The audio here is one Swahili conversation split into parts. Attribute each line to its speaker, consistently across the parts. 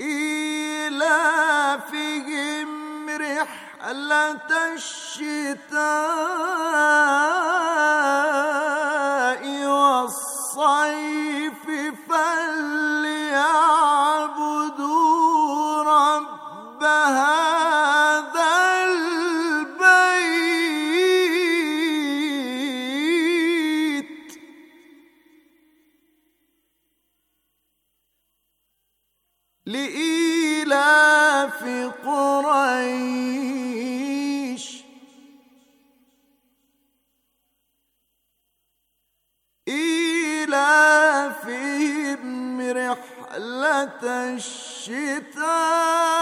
Speaker 1: إيلافهم رحلة الشتاء الشتاء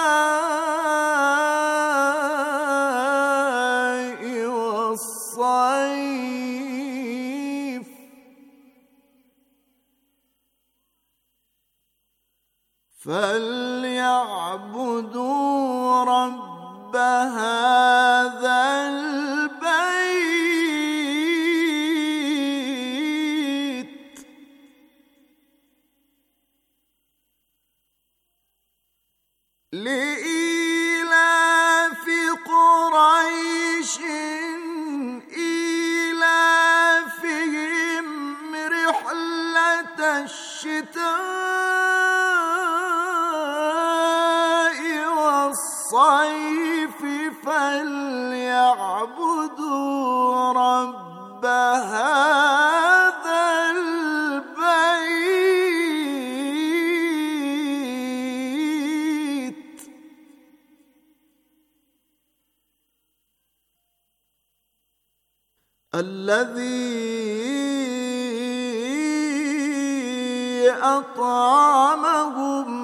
Speaker 1: الذي أطعمهم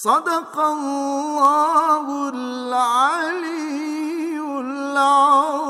Speaker 1: صدق الله العلي العظيم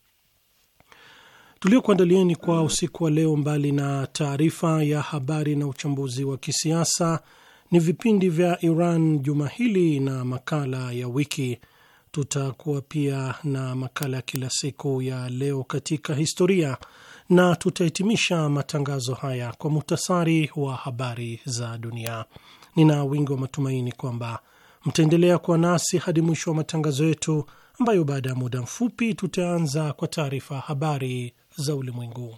Speaker 2: tuliokuandalieni kwa usiku wa leo, mbali na taarifa ya habari na uchambuzi wa kisiasa, ni vipindi vya Iran juma hili na makala ya wiki. Tutakuwa pia na makala ya kila siku ya leo katika historia, na tutahitimisha matangazo haya kwa muhtasari wa habari za dunia. Nina wingi wa matumaini kwamba mtaendelea kuwa nasi hadi mwisho wa matangazo yetu ambayo baada ya muda mfupi tutaanza kwa taarifa habari za ulimwengu.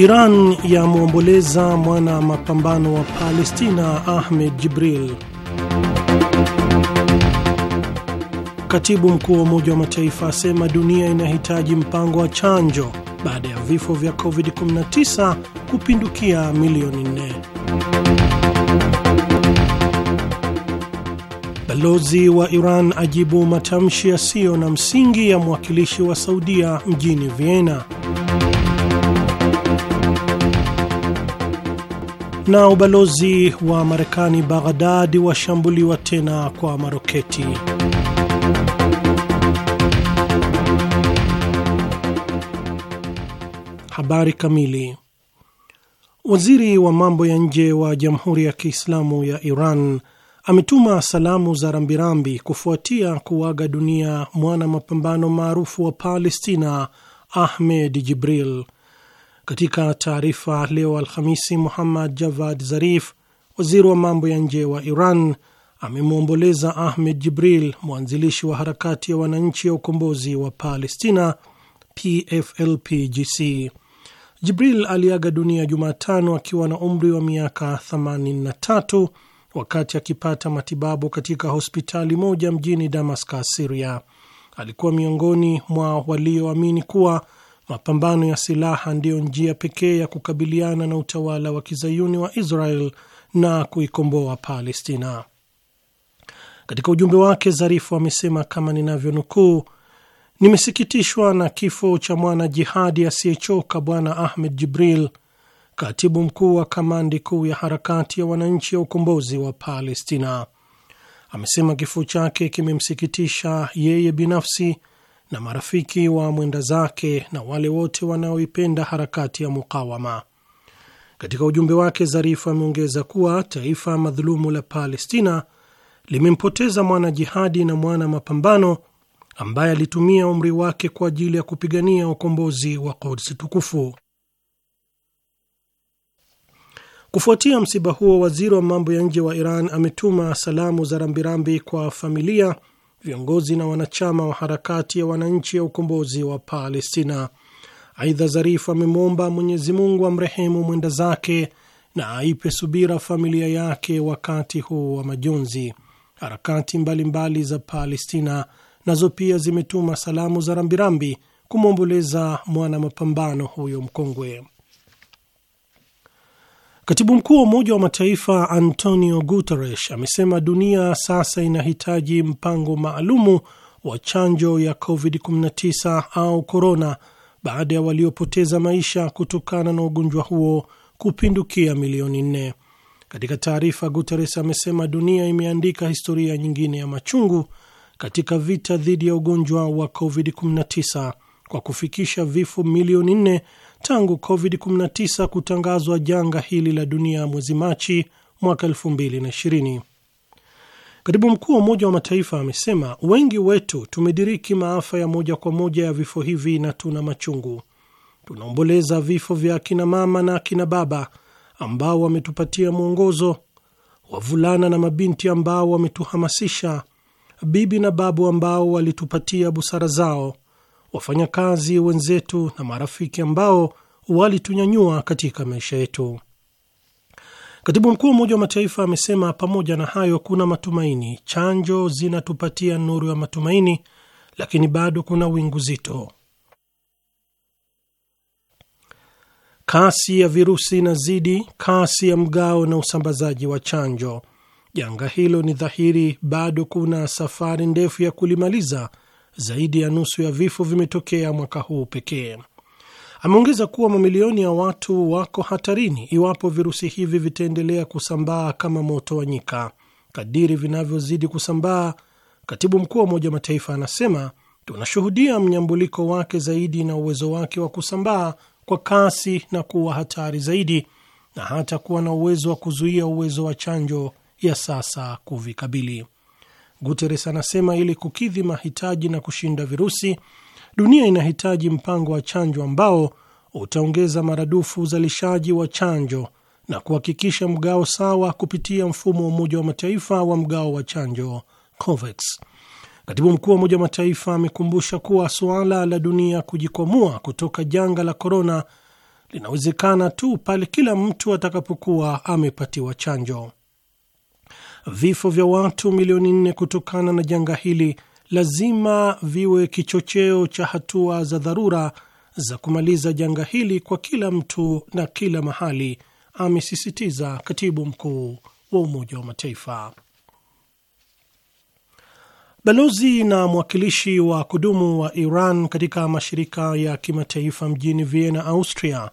Speaker 2: Iran yamwomboleza mwana mapambano wa Palestina Ahmed Jibril. Katibu mkuu wa Umoja wa Mataifa asema dunia inahitaji mpango wa chanjo baada ya vifo vya COVID-19 kupindukia milioni nne. Balozi wa Iran ajibu matamshi yasiyo na msingi ya mwakilishi wa Saudia mjini Vienna. na ubalozi wa Marekani Baghdad washambuliwa tena kwa maroketi. Habari kamili. Waziri wa mambo ya nje wa Jamhuri ya Kiislamu ya Iran ametuma salamu za rambirambi kufuatia kuaga dunia mwana mapambano maarufu wa Palestina Ahmed Jibril katika taarifa leo Alhamisi, Muhammad Javad Zarif, waziri wa mambo ya nje wa Iran, amemwomboleza Ahmed Jibril, mwanzilishi wa harakati ya wananchi ya ukombozi wa Palestina, PFLPGC. Jibril aliaga dunia Jumatano akiwa na umri wa miaka 83 wakati akipata matibabu katika hospitali moja mjini Damascus, Siria. Alikuwa miongoni mwa walioamini kuwa Mapambano ya silaha ndiyo njia pekee ya kukabiliana na utawala wa kizayuni wa Israel na kuikomboa Palestina. Katika ujumbe wake, Zarifu amesema kama ninavyonukuu, nimesikitishwa na kifo cha mwana jihadi asiyechoka Bwana Ahmed Jibril, katibu mkuu wa kamandi kuu ya harakati ya wananchi ya ukombozi wa Palestina. Amesema kifo chake kimemsikitisha yeye binafsi na marafiki wa mwenda zake na wale wote wanaoipenda harakati ya mukawama. Katika ujumbe wake, Zarifu ameongeza kuwa taifa madhulumu la Palestina limempoteza mwana jihadi na mwana mapambano ambaye alitumia umri wake kwa ajili ya kupigania ukombozi wa Quds tukufu. Kufuatia msiba huo, waziri wa mambo ya nje wa Iran ametuma salamu za rambirambi kwa familia viongozi na wanachama wa harakati ya wananchi ya ukombozi wa Palestina. Aidha, Zarif amemwomba Mwenyezi Mungu amrehemu mwenda zake na aipe subira familia yake wakati huu wa majonzi. Harakati mbalimbali za Palestina nazo pia zimetuma salamu za rambirambi kumwomboleza mwana mapambano huyo mkongwe. Katibu mkuu wa Umoja wa Mataifa Antonio Guterres amesema dunia sasa inahitaji mpango maalumu wa chanjo ya COVID-19 au korona baada ya waliopoteza maisha kutokana na ugonjwa huo kupindukia milioni nne. Katika taarifa, Guterres amesema dunia imeandika historia nyingine ya machungu katika vita dhidi ya ugonjwa wa COVID-19 kwa kufikisha vifo milioni nne tangu COVID-19 kutangazwa janga hili la dunia mwezi Machi mwaka 2020. Katibu mkuu wa Umoja wa Mataifa amesema wengi wetu tumediriki maafa ya moja kwa moja ya vifo hivi na tuna machungu. Tunaomboleza vifo vya akina mama na akina baba ambao wametupatia mwongozo, wavulana na mabinti ambao wametuhamasisha, bibi na babu ambao walitupatia busara zao wafanyakazi wenzetu na marafiki ambao walitunyanyua katika maisha yetu. Katibu mkuu Umoja wa Mataifa amesema pamoja na hayo, kuna matumaini, chanjo zinatupatia nuru ya matumaini, lakini bado kuna wingu zito. Kasi ya virusi inazidi, kasi ya mgao na usambazaji wa chanjo. Janga hilo ni dhahiri, bado kuna safari ndefu ya kulimaliza zaidi ya nusu ya vifo vimetokea mwaka huu pekee. Ameongeza kuwa mamilioni ya watu wako hatarini iwapo virusi hivi vitaendelea kusambaa kama moto wa nyika. Kadiri vinavyozidi kusambaa, katibu mkuu wa Umoja wa Mataifa anasema tunashuhudia mnyambuliko wake zaidi na uwezo wake wa kusambaa kwa kasi na kuwa hatari zaidi, na hata kuwa na uwezo wa kuzuia uwezo wa chanjo ya sasa kuvikabili. Guterres anasema ili kukidhi mahitaji na kushinda virusi, dunia inahitaji mpango wa chanjo ambao utaongeza maradufu uzalishaji wa chanjo na kuhakikisha mgao sawa kupitia mfumo wa Umoja wa Mataifa wa mgao wa chanjo COVAX. Katibu mkuu wa Umoja wa Mataifa amekumbusha kuwa suala la dunia kujikwamua kutoka janga la korona linawezekana tu pale kila mtu atakapokuwa amepatiwa chanjo. Vifo vya watu milioni nne kutokana na janga hili lazima viwe kichocheo cha hatua za dharura za kumaliza janga hili kwa kila mtu na kila mahali, amesisitiza katibu mkuu wa Umoja wa Mataifa. Balozi na mwakilishi wa kudumu wa Iran katika mashirika ya kimataifa mjini Vienna, Austria,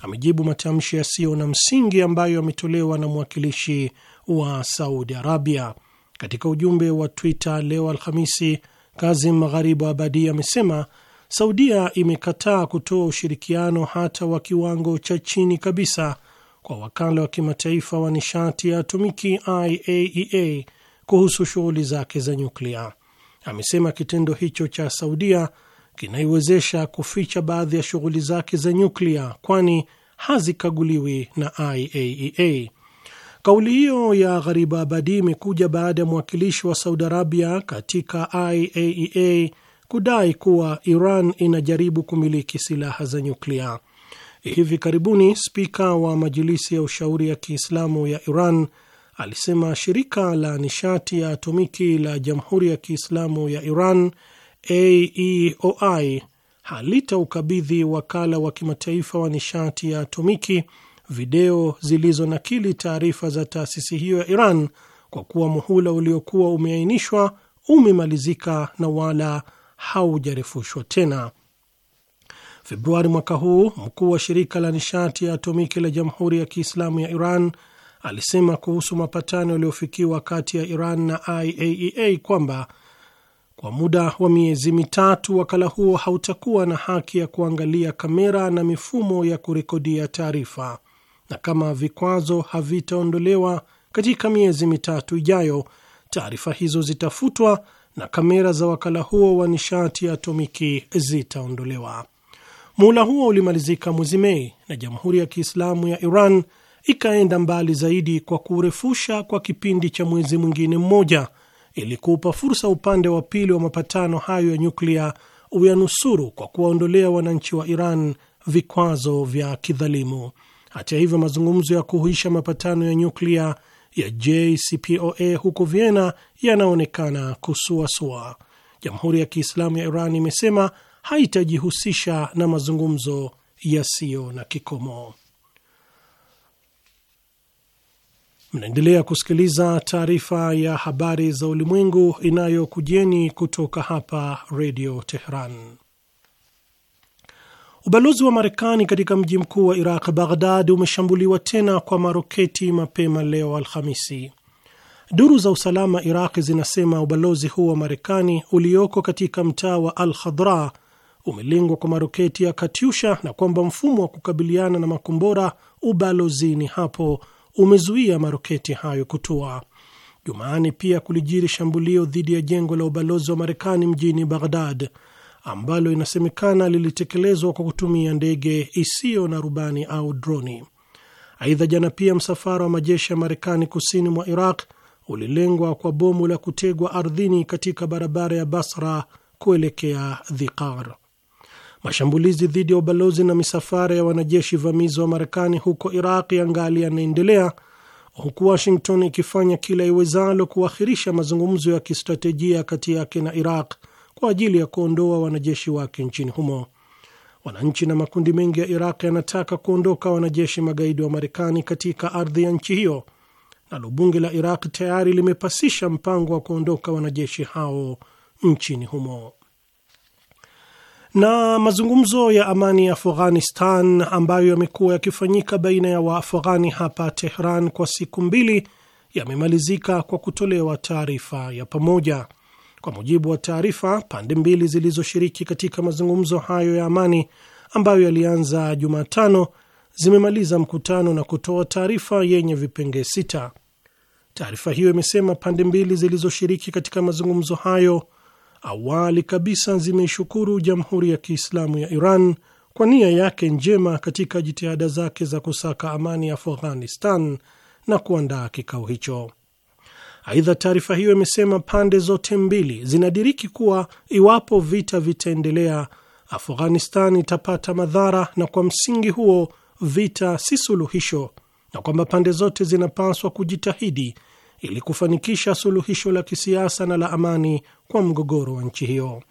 Speaker 2: amejibu matamshi yasiyo na msingi ambayo yametolewa na mwakilishi wa Saudi Arabia. Katika ujumbe wa Twitter leo Alhamisi, Kazim Magharibu Abadi amesema Saudia imekataa kutoa ushirikiano hata wa kiwango cha chini kabisa kwa wakala wa kimataifa wa nishati ya atomiki IAEA e kuhusu shughuli zake za nyuklia. Amesema kitendo hicho cha Saudia kinaiwezesha kuficha baadhi ya shughuli zake za nyuklia, kwani hazikaguliwi na IAEA. E Kauli hiyo ya abadi imekuja baada ya mwakilishi wa Saudi Arabia katika IAEA e kudai kuwa Iran inajaribu kumiliki silaha za nyuklia. Hivi karibuni spika wa Majilisi ya Ushauri ya Kiislamu ya Iran alisema shirika la nishati ya atomiki la Jamhuri ya Kiislamu ya Iran AEOI halitaukabidhi wakala wa kimataifa wa nishati ya atomiki video zilizonakili taarifa za taasisi hiyo ya Iran kwa kuwa muhula uliokuwa umeainishwa umemalizika na wala haujarefushwa tena. Februari mwaka huu mkuu wa shirika la nishati ya atomiki la Jamhuri ya Kiislamu ya Iran alisema kuhusu mapatano yaliyofikiwa kati ya Iran na IAEA e kwamba kwa muda wa miezi mitatu wakala huo hautakuwa na haki ya kuangalia kamera na mifumo ya kurekodia taarifa na kama vikwazo havitaondolewa katika miezi mitatu ijayo, taarifa hizo zitafutwa na kamera za wakala huo wa nishati ya atomiki zitaondolewa. Muhula huo ulimalizika mwezi Mei na Jamhuri ya Kiislamu ya Iran ikaenda mbali zaidi kwa kurefusha kwa kipindi cha mwezi mwingine mmoja ili kuupa fursa upande wa pili wa mapatano hayo ya nyuklia uyanusuru kwa kuwaondolea wananchi wa Iran vikwazo vya kidhalimu. Hata hivyo, mazungumzo ya kuhuisha mapatano ya nyuklia ya JCPOA huko Vienna yanaonekana kusuasua. Jamhuri ya Kiislamu ya Iran imesema haitajihusisha na mazungumzo yasiyo na kikomo. Mnaendelea kusikiliza taarifa ya habari za ulimwengu inayokujeni kutoka hapa Redio teheran Ubalozi wa Marekani katika mji mkuu wa Iraq, Baghdad, umeshambuliwa tena kwa maroketi mapema leo Alhamisi. Duru za usalama Iraq zinasema ubalozi huu wa Marekani ulioko katika mtaa wa Al Khadra umelengwa kwa maroketi ya Katyusha na kwamba mfumo wa kukabiliana na makombora ubalozini hapo umezuia maroketi hayo kutua. Jumaani pia kulijiri shambulio dhidi ya jengo la ubalozi wa Marekani mjini Baghdad ambalo inasemekana lilitekelezwa kwa kutumia ndege isiyo na rubani au droni. Aidha, jana pia msafara wa majeshi ya Marekani kusini mwa Iraq ulilengwa kwa bomu la kutegwa ardhini katika barabara ya Basra kuelekea Dhiqar. Mashambulizi dhidi ya ubalozi na misafara ya wanajeshi vamizi wa Marekani huko Iraq yangali yanaendelea huku Washington ikifanya kila iwezalo kuahirisha mazungumzo ya kistratejia kati yake na Iraq kwa ajili ya kuondoa wanajeshi wake nchini humo. Wananchi na makundi mengi ya Iraq yanataka kuondoka wanajeshi magaidi wa Marekani katika ardhi ya nchi hiyo. Nalo bunge la Iraq tayari limepasisha mpango wa kuondoka wanajeshi hao nchini humo. Na mazungumzo ya amani ya Afghanistan ambayo yamekuwa yakifanyika baina ya Waafghani hapa Tehran kwa siku mbili yamemalizika kwa kutolewa taarifa ya pamoja. Kwa mujibu wa taarifa, pande mbili zilizoshiriki katika mazungumzo hayo ya amani ambayo yalianza Jumatano zimemaliza mkutano na kutoa taarifa yenye vipengee sita. Taarifa hiyo imesema pande mbili zilizoshiriki katika mazungumzo hayo awali kabisa zimeishukuru Jamhuri ya Kiislamu ya Iran kwa nia yake njema katika jitihada zake za kusaka amani Afghanistan na kuandaa kikao hicho. Aidha, taarifa hiyo imesema pande zote mbili zinadiriki kuwa iwapo vita vitaendelea, Afghanistan itapata madhara, na kwa msingi huo vita si suluhisho, na kwamba pande zote zinapaswa kujitahidi ili kufanikisha suluhisho la kisiasa na la amani kwa mgogoro wa nchi hiyo.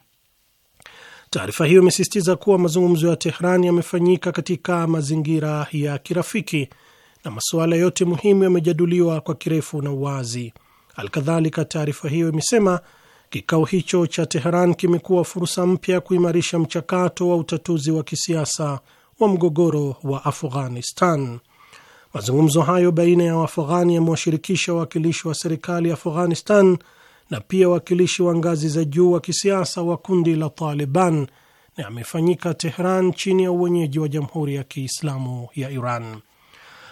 Speaker 2: Taarifa hiyo imesisitiza kuwa mazungumzo ya Tehran yamefanyika katika mazingira ya kirafiki na masuala yote muhimu yamejadiliwa kwa kirefu na uwazi. Alkadhalika, taarifa hiyo imesema kikao hicho cha Teheran kimekuwa fursa mpya ya kuimarisha mchakato wa utatuzi wa kisiasa wa mgogoro wa Afghanistan. Mazungumzo hayo baina ya Waafghani yamewashirikisha wawakilishi wa serikali ya Afghanistan na pia wawakilishi wa ngazi za juu wa kisiasa wa kundi la Taliban na yamefanyika Tehran chini ya uwenyeji wa Jamhuri ya Kiislamu ya Iran.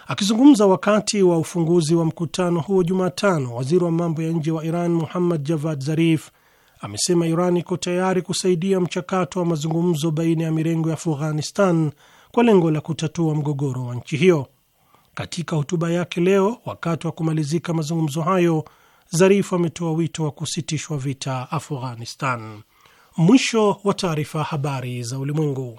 Speaker 2: Akizungumza wakati wa ufunguzi wa mkutano huo Jumatano, waziri wa mambo ya nje wa Iran Muhammad Javad Zarif amesema Iran iko tayari kusaidia mchakato wa mazungumzo baina ya mirengo ya Afghanistan kwa lengo la kutatua mgogoro wa nchi hiyo. Katika hotuba yake leo wakati wa kumalizika mazungumzo hayo, Zarif ametoa wito wa kusitishwa vita Afghanistan. Mwisho wa taarifa. Habari za Ulimwengu.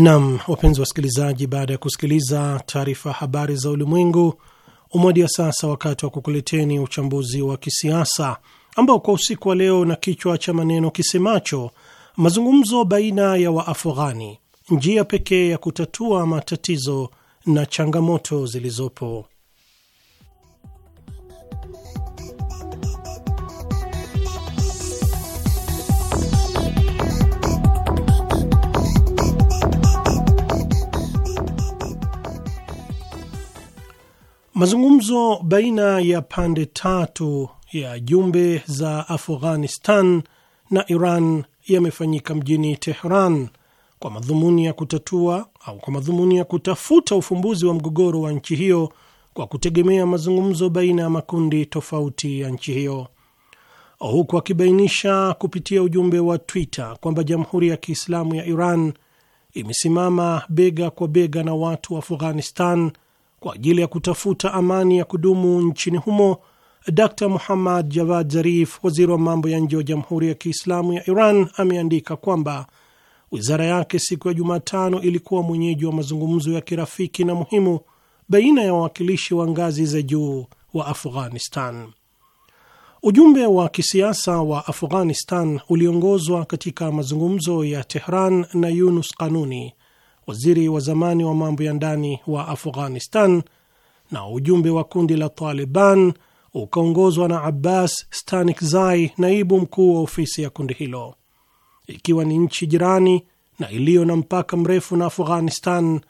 Speaker 2: Nam, wapenzi wasikilizaji, baada ya kusikiliza taarifa habari za ulimwengu, umoja sasa wakati wa kukuleteni uchambuzi wa kisiasa ambao kwa usiku wa leo na kichwa cha maneno kisemacho mazungumzo baina ya Waafghani, njia pekee ya kutatua matatizo na changamoto zilizopo. Mazungumzo baina ya pande tatu ya jumbe za Afghanistan na Iran yamefanyika mjini Tehran kwa madhumuni ya kutatua au kwa madhumuni ya kutafuta ufumbuzi wa mgogoro wa nchi hiyo kwa kutegemea mazungumzo baina ya makundi tofauti ya nchi hiyo, huku akibainisha kupitia ujumbe wa Twitter kwamba Jamhuri ya Kiislamu ya Iran imesimama bega kwa bega na watu wa Afghanistan kwa ajili ya kutafuta amani ya kudumu nchini humo, Dr Muhammad Javad Zarif, waziri wa mambo ya nje wa Jamhuri ya Kiislamu ya Iran, ameandika kwamba wizara yake siku ya Jumatano ilikuwa mwenyeji wa mazungumzo ya kirafiki na muhimu baina ya wawakilishi wa ngazi za juu wa Afghanistan. Ujumbe wa kisiasa wa Afghanistan uliongozwa katika mazungumzo ya Tehran na Yunus Kanuni, waziri wa zamani wa mambo ya ndani wa Afghanistan, na ujumbe wa kundi la Taliban ukaongozwa na Abbas Stanikzai, naibu mkuu wa ofisi ya kundi hilo. Ikiwa ni nchi jirani na iliyo na mpaka mrefu na Afghanistan,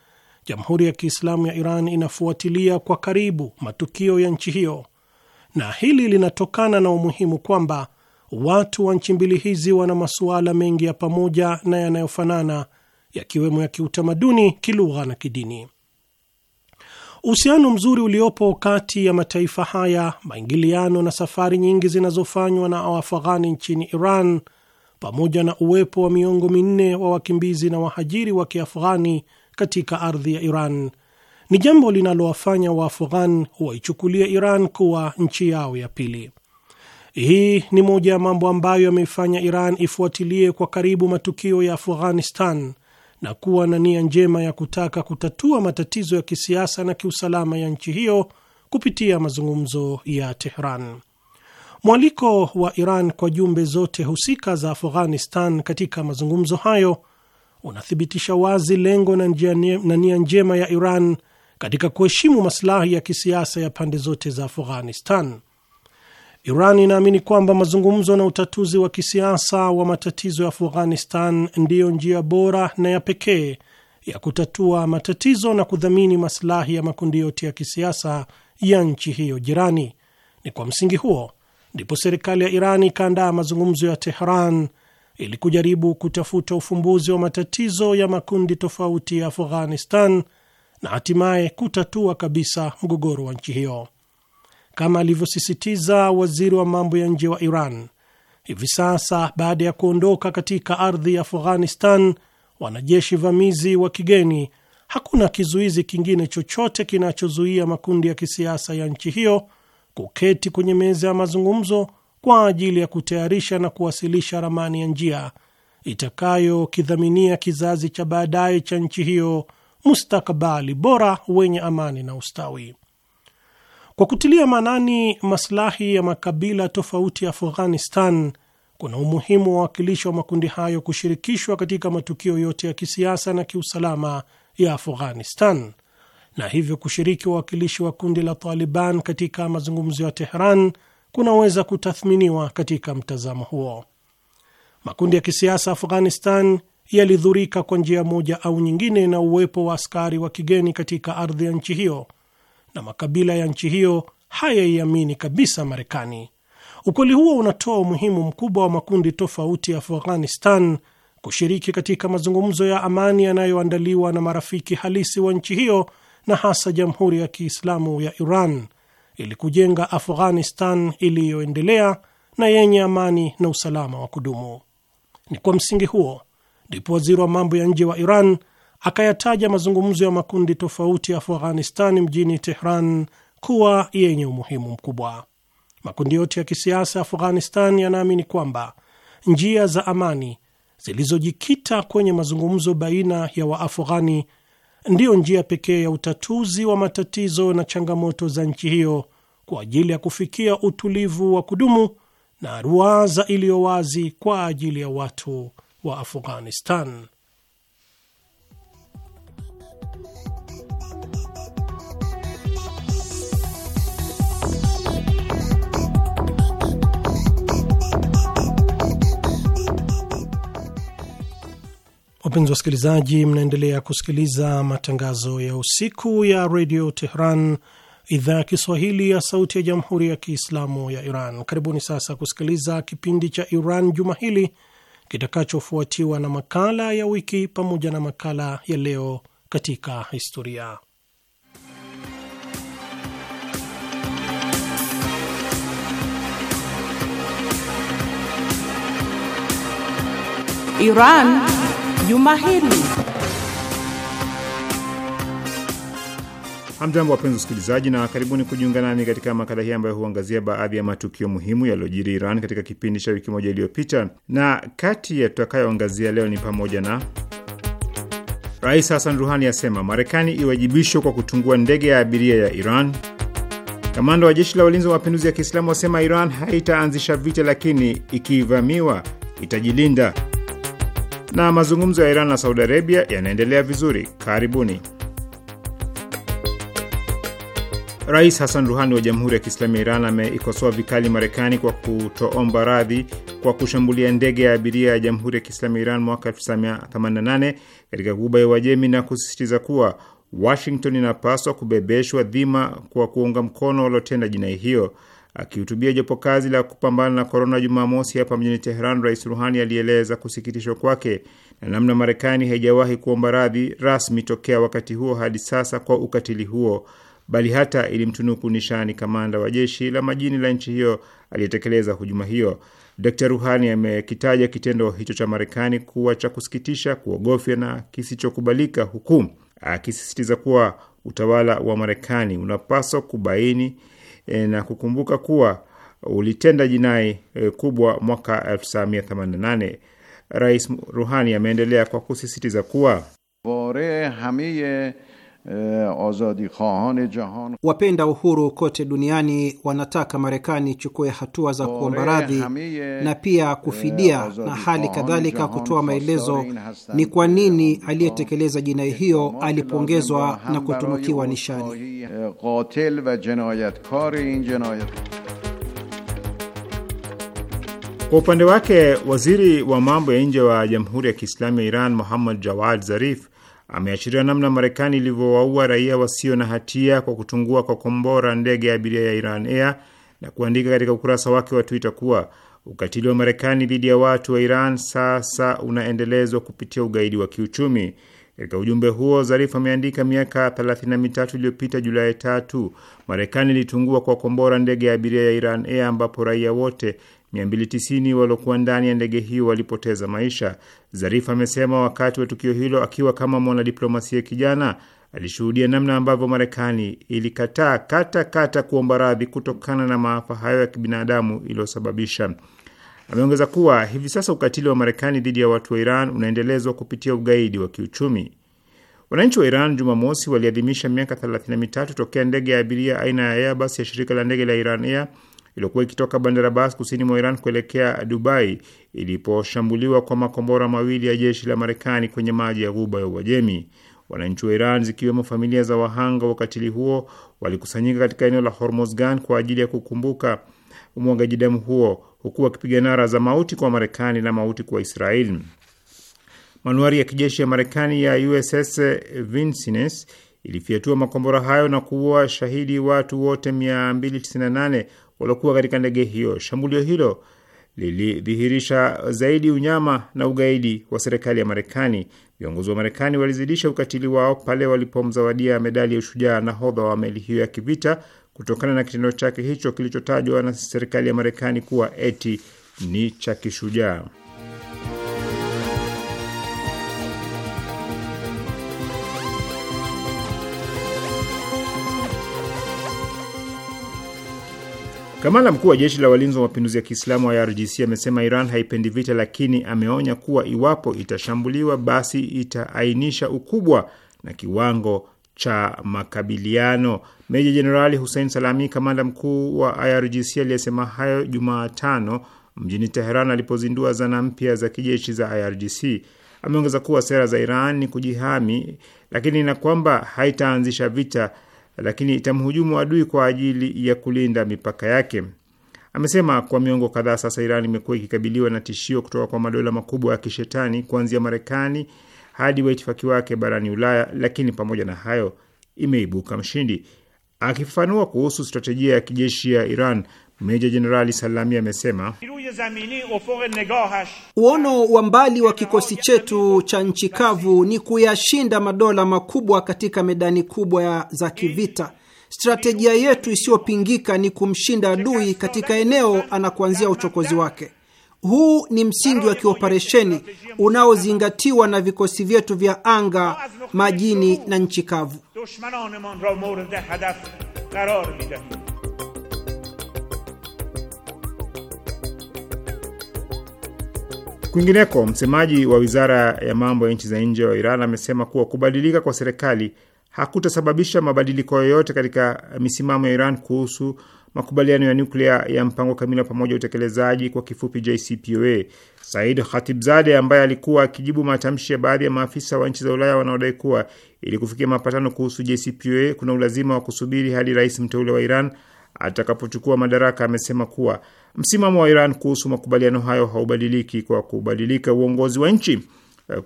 Speaker 2: Jamhuri ya Kiislamu ya Iran inafuatilia kwa karibu matukio ya nchi hiyo, na hili linatokana na umuhimu kwamba watu wa nchi mbili hizi wana masuala mengi ya pamoja na yanayofanana yakiwemo ya kiutamaduni, kilugha na kidini. Uhusiano mzuri uliopo kati ya mataifa haya, maingiliano na safari nyingi zinazofanywa na Waafghani nchini Iran, pamoja na uwepo wa miongo minne wa wakimbizi na wahajiri wa Kiafghani katika ardhi ya Iran ni jambo linalowafanya Waafghan waichukulia Iran kuwa nchi yao ya pili. Hii ni moja ya mambo ambayo yameifanya Iran ifuatilie kwa karibu matukio ya Afghanistan na kuwa na nia njema ya kutaka kutatua matatizo ya kisiasa na kiusalama ya nchi hiyo kupitia mazungumzo ya Tehran. Mwaliko wa Iran kwa jumbe zote husika za Afghanistan katika mazungumzo hayo unathibitisha wazi lengo na nia njema ya Iran katika kuheshimu masilahi ya kisiasa ya pande zote za Afghanistan. Iran inaamini kwamba mazungumzo na utatuzi wa kisiasa wa matatizo ya Afghanistan ndiyo njia bora na ya pekee ya kutatua matatizo na kudhamini masilahi ya makundi yote ya kisiasa ya nchi hiyo jirani. Ni kwa msingi huo ndipo serikali ya Iran ikaandaa mazungumzo ya Tehran ili kujaribu kutafuta ufumbuzi wa matatizo ya makundi tofauti ya Afghanistan na hatimaye kutatua kabisa mgogoro wa nchi hiyo kama alivyosisitiza waziri wa mambo ya nje wa Iran. Hivi sasa baada ya kuondoka katika ardhi ya Afghanistan wanajeshi vamizi wa kigeni, hakuna kizuizi kingine chochote kinachozuia makundi ya kisiasa ya nchi hiyo kuketi kwenye meza ya mazungumzo kwa ajili ya kutayarisha na kuwasilisha ramani ya njia itakayokidhaminia kizazi cha baadaye cha nchi hiyo mustakabali bora wenye amani na ustawi. Kwa kutilia maanani maslahi ya makabila tofauti ya Afghanistan, kuna umuhimu wa wakilishi wa makundi hayo kushirikishwa katika matukio yote ya kisiasa na kiusalama ya Afghanistan, na hivyo kushiriki wawakilishi wa kundi la Taliban katika mazungumzo ya Teheran kunaweza kutathminiwa katika mtazamo huo. Makundi ya kisiasa Afghanistan yalidhurika kwa njia moja au nyingine na uwepo wa askari wa kigeni katika ardhi ya nchi hiyo na makabila ya nchi hiyo hayaiamini kabisa Marekani. Ukweli huo unatoa umuhimu mkubwa wa makundi tofauti ya Afghanistan kushiriki katika mazungumzo ya amani yanayoandaliwa na marafiki halisi wa nchi hiyo na hasa Jamhuri ya Kiislamu ya Iran ili kujenga Afghanistan iliyoendelea na yenye amani na usalama wa kudumu. Ni kwa msingi huo ndipo waziri wa mambo ya nje wa Iran akayataja mazungumzo ya makundi tofauti ya Afghanistan mjini Tehran kuwa yenye umuhimu mkubwa. Makundi yote ya kisiasa Afghanistan yanaamini kwamba njia za amani zilizojikita kwenye mazungumzo baina ya Waafghani ndiyo njia pekee ya utatuzi wa matatizo na changamoto za nchi hiyo kwa ajili ya kufikia utulivu wa kudumu na ruwaza iliyo wazi kwa ajili ya watu wa Afghanistan. Wapenzi wasikilizaji, mnaendelea kusikiliza matangazo ya usiku ya redio Tehran, idhaa ya Kiswahili ya sauti ya jamhuri ya Kiislamu ya Iran. Karibuni sasa kusikiliza kipindi cha Iran juma hili kitakachofuatiwa na makala ya wiki pamoja na makala ya leo katika historia.
Speaker 3: Iran juma hili.
Speaker 4: Hamjambo, wapenzi usikilizaji, na karibuni kujiunga nami katika makala hii ambayo huangazia baadhi ya matukio muhimu yaliyojiri Iran katika kipindi cha wiki moja iliyopita, na kati ya tutakayoangazia leo ni pamoja na Rais Hassan Ruhani asema Marekani iwajibishwe kwa kutungua ndege ya abiria ya Iran. Kamanda wa jeshi la walinzi wa mapinduzi ya Kiislamu wasema Iran haitaanzisha vita, lakini ikivamiwa itajilinda na mazungumzo ya Iran na Saudi Arabia yanaendelea vizuri. Karibuni. Rais Hassan Ruhani wa Jamhuri ya Kiislamu ya Iran ameikosoa vikali Marekani kwa kutoomba radhi kwa kushambulia ndege ya abiria ya Jamhuri ya Kiislamu ya Iran mwaka 1988 katika Ghuba ya Uajemi na kusisitiza kuwa Washington inapaswa kubebeshwa dhima kwa kuunga mkono waliotenda jinai hiyo. Akihutubia jopo kazi la kupambana na korona Jumamosi hapa mjini Teheran, Rais Ruhani alieleza kusikitishwa kwake na namna Marekani haijawahi kuomba radhi rasmi tokea wakati huo hadi sasa kwa ukatili huo, bali hata ilimtunuku nishani kamanda wa jeshi la majini la nchi hiyo aliyetekeleza hujuma hiyo. Dkt Ruhani amekitaja kitendo hicho cha Marekani kuwa cha kusikitisha, kuogofya na kisichokubalika, huku akisisitiza kuwa utawala wa Marekani unapaswa kubaini e, na kukumbuka kuwa ulitenda jinai e, kubwa mwaka 1988. Rais Ruhani ameendelea kwa kusisitiza kuwa vore hamiye Eh, e
Speaker 5: Wapenda uhuru kote duniani wanataka Marekani ichukue hatua za kuomba radhi na pia eh, kufidia na hali kadhalika kutoa maelezo ni kwa eh, nini aliyetekeleza jinai hiyo alipongezwa na kutunukiwa nishani.
Speaker 4: Kwa upande wake, waziri wa mambo ya nje wa Jamhuri ya Kiislamu ya Iran Muhammad Jawad Zarif ameashiria namna Marekani ilivyowaua raia wasio na hatia kwa kutungua kwa kombora ndege ya abiria ya Iran Air na kuandika katika ukurasa wake wa Twitter kuwa ukatili wa Marekani dhidi ya watu wa Iran sasa unaendelezwa kupitia ugaidi wa kiuchumi. Katika ujumbe huo Zarif ameandika, miaka thelathini na mitatu iliyopita Julai tatu, Marekani ilitungua kwa kombora ndege ya abiria ya Iran Air ambapo raia wote 290 waliokuwa ndani ya ndege hiyo walipoteza maisha. Zarif amesema wakati wa tukio hilo akiwa kama mwanadiplomasia kijana alishuhudia namna ambavyo Marekani ilikataa kata kata kuomba radhi kutokana na maafa hayo ya kibinadamu iliyosababisha. Ameongeza kuwa hivi sasa ukatili wa Marekani dhidi ya watu wa Iran unaendelezwa kupitia ugaidi wa kiuchumi. Wananchi wa Iran Jumamosi waliadhimisha miaka 33 tokea ndege ya abiria aina ya Airbus ya shirika la ndege la Iran Air iliyokuwa ikitoka Bandar Abbas kusini mwa Iran kuelekea Dubai iliposhambuliwa kwa makombora mawili ya jeshi la Marekani kwenye maji ya Ghuba ya Uajemi. Wananchi wa Iran zikiwemo familia za wahanga wa ukatili huo walikusanyika katika eneo la Hormozgan kwa ajili ya kukumbuka umwagaji damu huo huku wakipiga nara za mauti kwa Marekani na mauti kwa Israeli. Manuari ya kijeshi ya Marekani ya USS Vincennes ilifyatua makombora hayo na kuua shahidi watu wote 298 waliokuwa katika ndege hiyo. Shambulio hilo lilidhihirisha zaidi unyama na ugaidi wa serikali ya Marekani. Viongozi wa Marekani walizidisha ukatili wao pale walipomzawadia medali ya ushujaa nahodha wa meli hiyo ya kivita kutokana na kitendo chake hicho kilichotajwa na serikali ya Marekani kuwa eti ni cha kishujaa. Kamanda mkuu wa jeshi la walinzi wa mapinduzi ya Kiislamu wa IRGC amesema Iran haipendi vita, lakini ameonya kuwa iwapo itashambuliwa, basi itaainisha ukubwa na kiwango cha makabiliano. Meja Jenerali Hussein Salami, kamanda mkuu wa IRGC, aliyesema hayo Jumatano mjini Teheran alipozindua zana mpya za kijeshi za IRGC, ameongeza kuwa sera za Iran ni kujihami, lakini na kwamba haitaanzisha vita lakini itamhujumu adui kwa ajili ya kulinda mipaka yake. Amesema kwa miongo kadhaa sasa Iran imekuwa ikikabiliwa na tishio kutoka kwa madola makubwa ya kishetani kuanzia Marekani hadi waitifaki wake barani Ulaya, lakini pamoja na hayo imeibuka mshindi. Akifafanua kuhusu strategia ya kijeshi ya Iran, Meja Jenerali Salami amesema uono wa mbali wa kikosi chetu cha nchi kavu
Speaker 5: ni kuyashinda madola makubwa katika medani kubwa za kivita. Strategia yetu isiyopingika ni kumshinda adui katika eneo anakuanzia uchokozi wake. Huu ni msingi wa kioperesheni unaozingatiwa na vikosi vyetu vya anga, majini na nchi kavu.
Speaker 4: Kwingineko, msemaji wa wizara ya mambo ya nchi za nje wa Iran amesema kuwa kubadilika kwa serikali hakutasababisha mabadiliko yoyote katika misimamo ya Iran kuhusu makubaliano ya nyuklia ya mpango kamili pamoja utekelezaji, kwa kifupi JCPOA. Said Khatibzade ambaye alikuwa akijibu matamshi ya baadhi ya maafisa wa nchi za Ulaya wanaodai kuwa ili kufikia mapatano kuhusu JCPOA kuna ulazima wa kusubiri hadi rais mteule wa Iran atakapochukua madaraka, amesema kuwa msimamo wa Iran kuhusu makubaliano hayo haubadiliki kwa kubadilika uongozi wa nchi.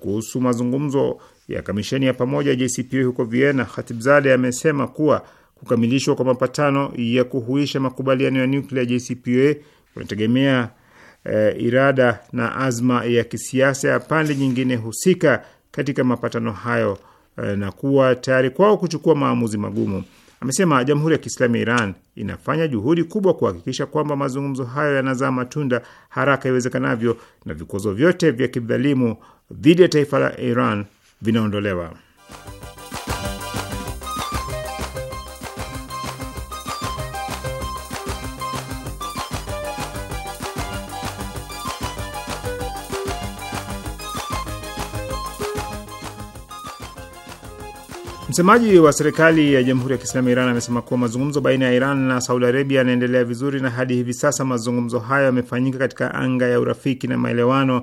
Speaker 4: Kuhusu mazungumzo ya kamisheni ya pamoja JCPOA huko Vienna, Khatibzadeh amesema kuwa kukamilishwa kwa mapatano ya kuhuisha makubaliano ya nuklia JCPOA kunategemea e, irada na azma ya kisiasa ya pande nyingine husika katika mapatano hayo e, na kuwa tayari kwao kuchukua maamuzi magumu. Amesema Jamhuri ya Kiislamu ya Iran inafanya juhudi kubwa kuhakikisha kwamba mazungumzo hayo yanazaa matunda haraka iwezekanavyo na vikwazo vyote vya kidhalimu dhidi ya taifa la Iran vinaondolewa. Msemaji wa serikali ya Jamhuri ya Kiislamu ya Iran amesema kuwa mazungumzo baina ya Iran na Saudi Arabia yanaendelea vizuri na hadi hivi sasa mazungumzo hayo yamefanyika katika anga ya urafiki na maelewano,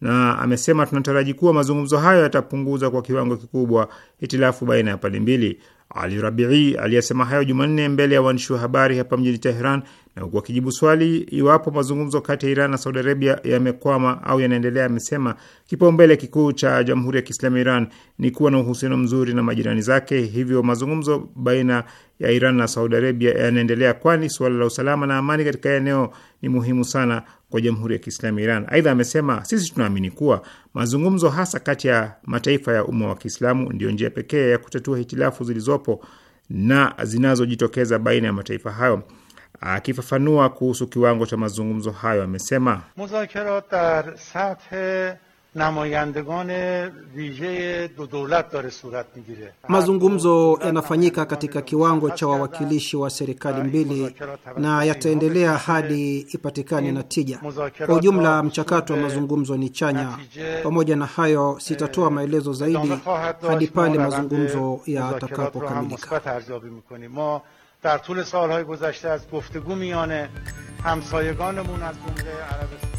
Speaker 4: na amesema tunataraji kuwa mazungumzo hayo yatapunguza kwa kiwango kikubwa hitilafu baina ya pande mbili. Ali Rabii aliyesema hayo Jumanne mbele ya waandishi wa habari hapa mjini Teheran na huku akijibu swali iwapo mazungumzo kati ya Iran na Saudi Arabia yamekwama au yanaendelea, amesema kipaumbele kikuu cha Jamhuri ya Kiislamu ya Iran ni kuwa na uhusiano mzuri na majirani zake, hivyo mazungumzo baina ya Iran na Saudi Arabia yanaendelea, kwani suala la usalama na amani katika eneo ni muhimu sana kwa Jamhuri ya Kiislamu ya Iran. Aidha amesema sisi tunaamini kuwa mazungumzo hasa kati ya mataifa ya umma wa Kiislamu ndiyo njia pekee ya kutatua hitilafu zilizopo na zinazojitokeza baina ya mataifa hayo. Akifafanua kuhusu kiwango cha mazungumzo hayo amesema
Speaker 5: mazungumzo yanafanyika katika kiwango cha wawakilishi wa serikali mbili na yataendelea hadi ipatikane na tija. Kwa ujumla, mchakato wa mazungumzo ni chanya. Pamoja na hayo, sitatoa maelezo zaidi hadi pale mazungumzo yatakapokamilika.
Speaker 2: در طول سالهای گذشته از گفتگو میان همسایگانمون از جمله عربستان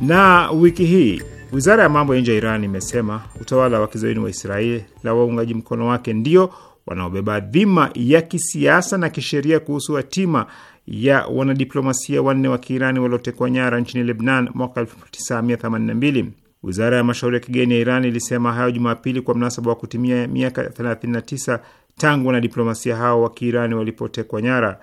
Speaker 4: Na wiki hii wizara ya mambo ya nje ya Iran imesema utawala wa kizayuni wa Israeli na waungaji mkono wake ndio wanaobeba dhima ya kisiasa na kisheria kuhusu hatima ya wanadiplomasia wanne wa Kiirani waliotekwa nyara nchini Lebnan mwaka 1982. Wizara ya mashauri ya kigeni ya Iran ilisema hayo Jumapili kwa mnasaba wa kutimia miaka 39 tangu wanadiplomasia hao wa Kiirani walipotekwa nyara.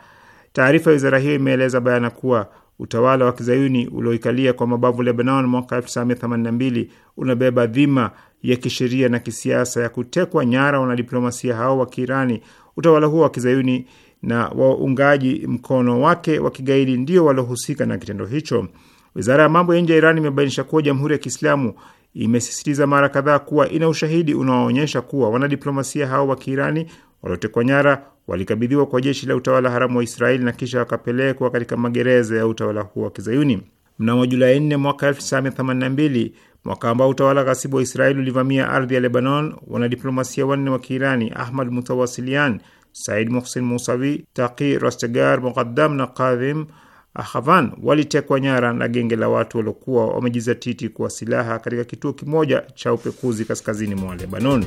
Speaker 4: Taarifa ya wizara hiyo imeeleza bayana kuwa utawala wa kizayuni ulioikalia kwa mabavu Lebanon mwaka 1982 unabeba dhima ya kisheria na kisiasa ya kutekwa nyara wanadiplomasia hao wa Kiirani. Utawala huo wa kizayuni na waungaji mkono wake wa kigaidi ndio waliohusika na kitendo hicho. Wizara ya mambo ya nje ya Iran imebainisha kuwa Jamhuri ya Kiislamu imesisitiza mara kadhaa kuwa ina ushahidi unaoonyesha kuwa wanadiplomasia hao wa Kiirani waliotekwa nyara walikabidhiwa kwa jeshi la utawala haramu wa Israeli na kisha wakapelekwa katika magereza ya utawala huo wa kizayuni. Mnamo Julai 4 mwaka 1982, mwaka ambao utawala ghasibu wa Israeli ulivamia ardhi ya Lebanon, wanadiplomasia wanne wa Kiirani Ahmad Mutawasilian, Said Muhsin Musawi, Taqi Rastegar Muqaddam na Kadhim Ahavan ah, walitekwa nyara na genge la watu waliokuwa wamejizatiti kwa silaha katika kituo kimoja cha upekuzi kaskazini mwa Lebanon.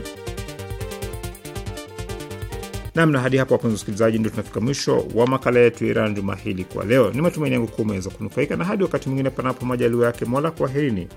Speaker 4: namna hadi hapo, wapenzi wasikilizaji, ndio tunafika mwisho wa makala yetu ya Iran juma hili kwa leo. Ni matumaini yangu kuwa umeweza kunufaika, na hadi wakati mwingine, panapo majaliwa yake Mola, kwaherini.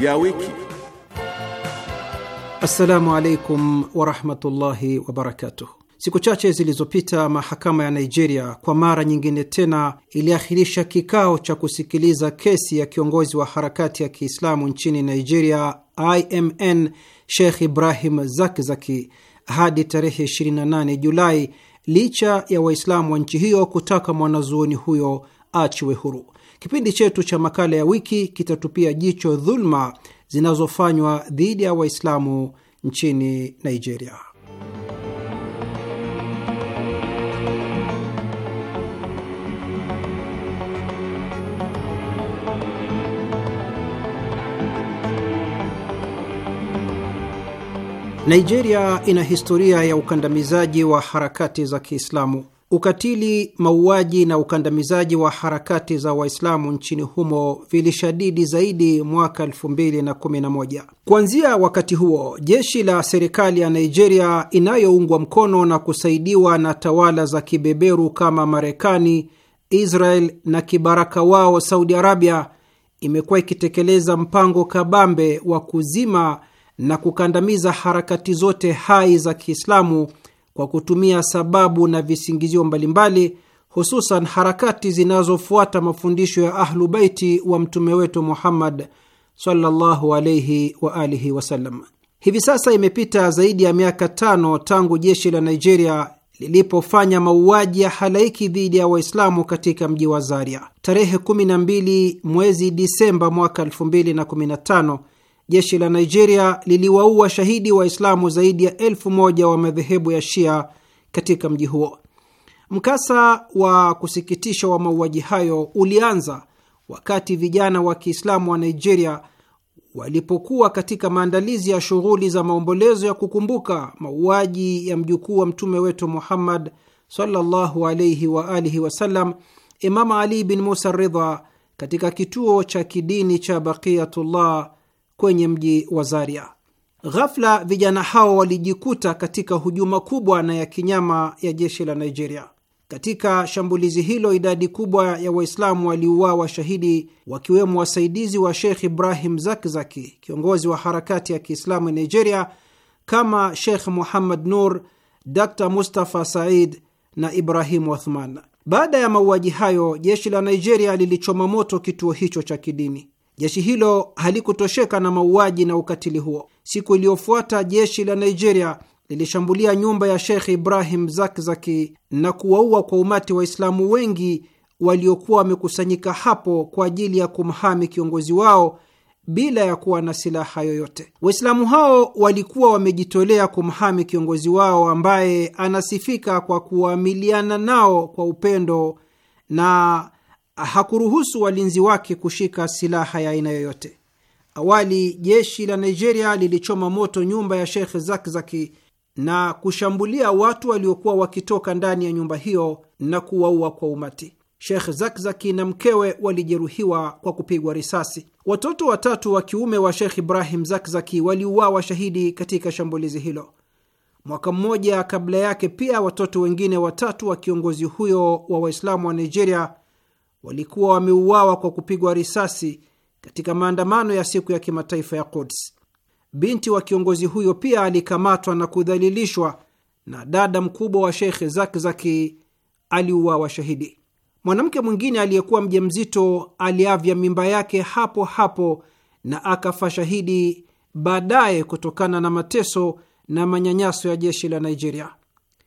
Speaker 2: ya wiki.
Speaker 5: Assalamu alaikum warahmatullahi wabarakatuh. Siku chache zilizopita mahakama ya Nigeria kwa mara nyingine tena iliahirisha kikao cha kusikiliza kesi ya kiongozi wa harakati ya Kiislamu nchini Nigeria, IMN, Sheikh Ibrahim Zakzaki hadi tarehe 28 Julai licha ya Waislamu wa nchi hiyo kutaka mwanazuoni huyo achiwe huru. Kipindi chetu cha makala ya wiki kitatupia jicho dhuluma zinazofanywa dhidi ya Waislamu nchini Nigeria. Nigeria ina historia ya ukandamizaji wa harakati za Kiislamu. Ukatili, mauaji na ukandamizaji wa harakati za Waislamu nchini humo vilishadidi zaidi mwaka 2011. Kuanzia wakati huo, jeshi la serikali ya Nigeria inayoungwa mkono na kusaidiwa na tawala za kibeberu kama Marekani, Israel na kibaraka wao Saudi Arabia imekuwa ikitekeleza mpango kabambe wa kuzima na kukandamiza harakati zote hai za Kiislamu kwa kutumia sababu na visingizio mbalimbali, hususan harakati zinazofuata mafundisho ya Ahlu Baiti wa mtume wetu Muhammad sallallahu wa alihi wasallam. Hivi sasa imepita zaidi ya miaka tano tangu jeshi la Nigeria lilipofanya mauaji ya halaiki dhidi ya Waislamu katika mji wa Zaria tarehe 12 mwezi Disemba mwaka 2015 jeshi la Nigeria liliwaua shahidi Waislamu zaidi ya elfu moja wa madhehebu ya Shia katika mji huo. Mkasa wa kusikitisha wa mauaji hayo ulianza wakati vijana wa Kiislamu wa Nigeria walipokuwa katika maandalizi ya shughuli za maombolezo ya kukumbuka mauaji ya mjukuu wa mtume wetu Muhammad sallallahu alaihi wa alihi wasallam, Imama Ali bin Musa Ridha, katika kituo cha kidini cha Baqiyatullah kwenye mji wa Zaria. Ghafla vijana hao walijikuta katika hujuma kubwa na ya kinyama ya jeshi la Nigeria. Katika shambulizi hilo idadi kubwa ya Waislamu waliuawa washahidi wakiwemo wasaidizi wa Sheikh Ibrahim Zakzaki, kiongozi wa harakati ya Kiislamu ya Nigeria, kama Sheikh Muhammad Nur, Dr Mustafa Said na Ibrahim Uthman. Baada ya mauaji hayo, jeshi la Nigeria lilichoma moto kituo hicho cha kidini. Jeshi hilo halikutosheka na mauaji na ukatili huo. Siku iliyofuata jeshi la Nigeria lilishambulia nyumba ya Sheikh Ibrahim Zakzaki na kuwaua kwa umati Waislamu wengi waliokuwa wamekusanyika hapo kwa ajili ya kumhami kiongozi wao bila ya kuwa na silaha yoyote. Waislamu hao walikuwa wamejitolea kumhami kiongozi wao ambaye anasifika kwa kuamiliana nao kwa upendo na hakuruhusu walinzi wake kushika silaha ya aina yoyote. Awali jeshi la Nigeria lilichoma moto nyumba ya Sheikh Zakzaki na kushambulia watu waliokuwa wakitoka ndani ya nyumba hiyo na kuwaua kwa umati. Sheikh Zakzaki na mkewe walijeruhiwa kwa kupigwa risasi. Watoto watatu wa kiume wa Sheikh Ibrahim Zakzaki waliuawa shahidi katika shambulizi hilo. Mwaka mmoja kabla yake pia watoto wengine watatu wa kiongozi huyo wa Waislamu wa Nigeria walikuwa wameuawa kwa kupigwa risasi katika maandamano ya siku ya kimataifa ya Quds. Binti wa kiongozi huyo pia alikamatwa na kudhalilishwa, na dada mkubwa wa Sheikh Zakzaki aliuawa shahidi. Mwanamke mwingine aliyekuwa mjamzito aliavya mimba yake hapo hapo na akafa shahidi baadaye kutokana na mateso na manyanyaso ya jeshi la Nigeria.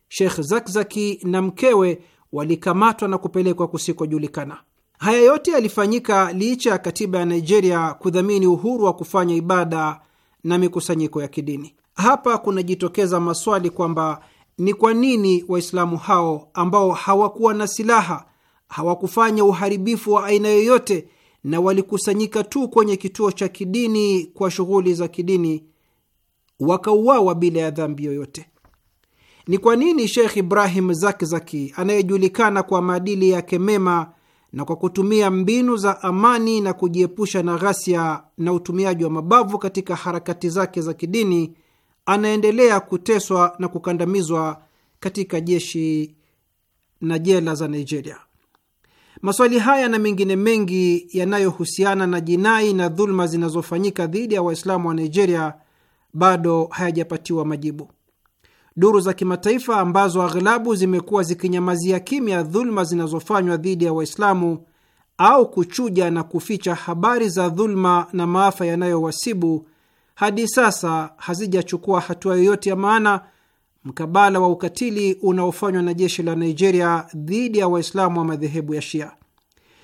Speaker 5: Sheikh Zakzaki na mkewe walikamatwa na kupelekwa kusikojulikana. Haya yote yalifanyika licha ya katiba ya Nigeria kudhamini uhuru wa kufanya ibada na mikusanyiko ya kidini. Hapa kunajitokeza maswali kwamba ni kwa nini Waislamu hao ambao hawakuwa na silaha, hawakufanya uharibifu wa aina yoyote na walikusanyika tu kwenye kituo cha kidini kwa shughuli za kidini, wakauawa bila ya dhambi yoyote. Ni kwa nini Sheikh Ibrahim Zakzaki anayejulikana kwa maadili yake mema na kwa kutumia mbinu za amani na kujiepusha na ghasia na utumiaji wa mabavu katika harakati zake za kidini anaendelea kuteswa na kukandamizwa katika jeshi na jela za Nigeria? Maswali haya na mengine mengi yanayohusiana na jinai na dhuluma zinazofanyika dhidi ya Waislamu wa Nigeria bado hayajapatiwa majibu. Duru za kimataifa ambazo aghlabu zimekuwa zikinyamazia kimya dhuluma zinazofanywa dhidi ya Waislamu au kuchuja na kuficha habari za dhuluma na maafa yanayowasibu hadi sasa hazijachukua hatua yoyote ya maana mkabala wa ukatili unaofanywa na jeshi la Nigeria dhidi ya Waislamu wa madhehebu ya Shia.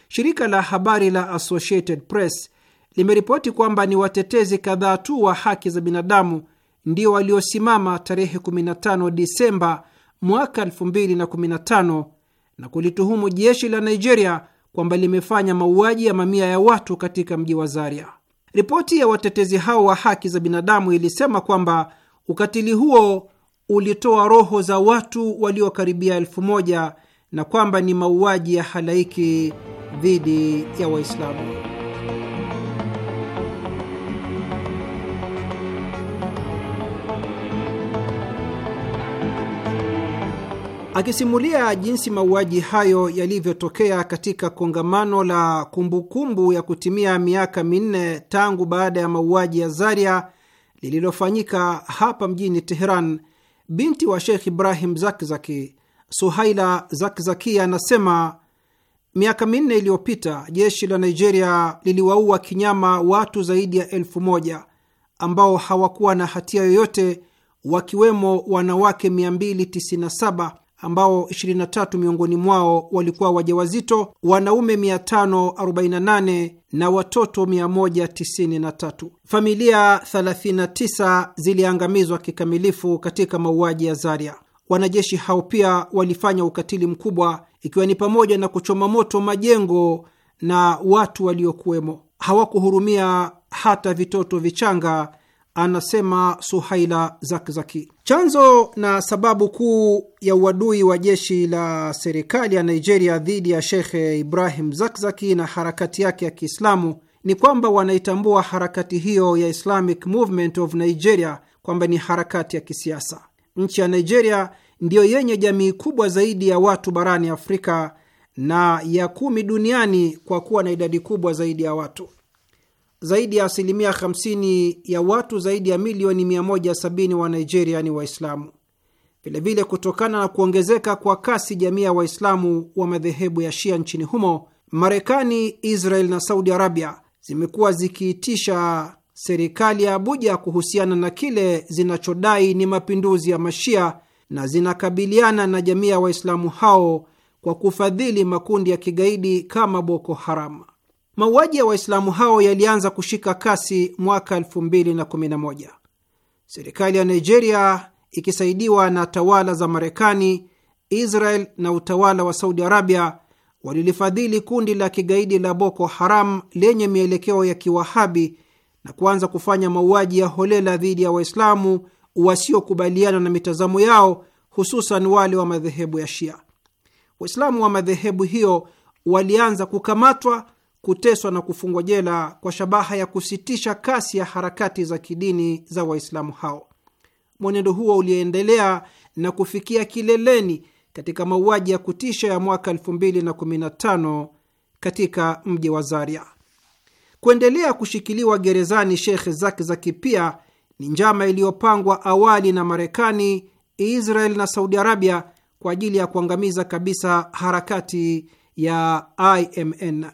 Speaker 5: Shirika la habari la Associated Press limeripoti kwamba ni watetezi kadhaa tu wa haki za binadamu ndio waliosimama tarehe 15 Disemba mwaka 2015 na kulituhumu jeshi la Nigeria kwamba limefanya mauaji ya mamia ya watu katika mji wa Zaria. Ripoti ya watetezi hao wa haki za binadamu ilisema kwamba ukatili huo ulitoa roho za watu waliokaribia elfu moja na kwamba ni mauaji ya halaiki dhidi ya Waislamu. Akisimulia jinsi mauaji hayo yalivyotokea katika kongamano la kumbukumbu kumbu ya kutimia miaka minne tangu baada ya mauaji ya Zaria lililofanyika hapa mjini Teheran, binti wa Sheikh Ibrahim Zakzaki, Suhaila Zakzaki, anasema miaka minne iliyopita jeshi la Nigeria liliwaua kinyama watu zaidi ya elfu moja ambao hawakuwa na hatia yoyote wakiwemo wanawake 297 ambao 23 miongoni mwao walikuwa wajawazito, wanaume 548 na watoto 193. Familia 39 ziliangamizwa kikamilifu katika mauaji ya Zaria. Wanajeshi hao pia walifanya ukatili mkubwa, ikiwa ni pamoja na kuchoma moto majengo na watu waliokuwemo. Hawakuhurumia hata vitoto vichanga anasema Suhaila Zakzaki. Chanzo na sababu kuu ya uadui wa jeshi la serikali ya Nigeria dhidi ya Shekhe Ibrahim Zakzaki na harakati yake ya Kiislamu ni kwamba wanaitambua harakati hiyo ya Islamic Movement of Nigeria kwamba ni harakati ya kisiasa. Nchi ya Nigeria ndiyo yenye jamii kubwa zaidi ya watu barani Afrika na ya kumi duniani kwa kuwa na idadi kubwa zaidi ya watu zaidi ya asilimia 50 ya watu zaidi ya milioni 170 wa Nigeria ni Waislamu. Vilevile, kutokana na kuongezeka kwa kasi jamii ya Waislamu wa madhehebu ya Shia nchini humo, Marekani, Israel na Saudi Arabia zimekuwa zikiitisha serikali ya Abuja kuhusiana na kile zinachodai ni mapinduzi ya Mashia na zinakabiliana na jamii ya Waislamu hao kwa kufadhili makundi ya kigaidi kama Boko Haram. Mauaji ya Waislamu hao yalianza kushika kasi mwaka 2011. Serikali ya Nigeria ikisaidiwa na tawala za Marekani, Israel na utawala wa Saudi Arabia walilifadhili kundi la kigaidi la Boko Haram lenye mielekeo ya kiwahabi na kuanza kufanya mauaji ya holela dhidi ya Waislamu wasiokubaliana na mitazamo yao, hususan wale wa madhehebu ya Shia. Waislamu wa madhehebu hiyo walianza kukamatwa kuteswa na kufungwa jela kwa shabaha ya kusitisha kasi ya harakati za kidini za Waislamu hao. Mwenendo huo uliendelea na kufikia kileleni katika mauaji ya kutisha ya mwaka 2015 katika mji wa Zaria. Kuendelea kushikiliwa gerezani Sheikh Zaki pia ni njama iliyopangwa awali na Marekani, Israel na Saudi Arabia kwa ajili ya kuangamiza kabisa harakati ya IMN.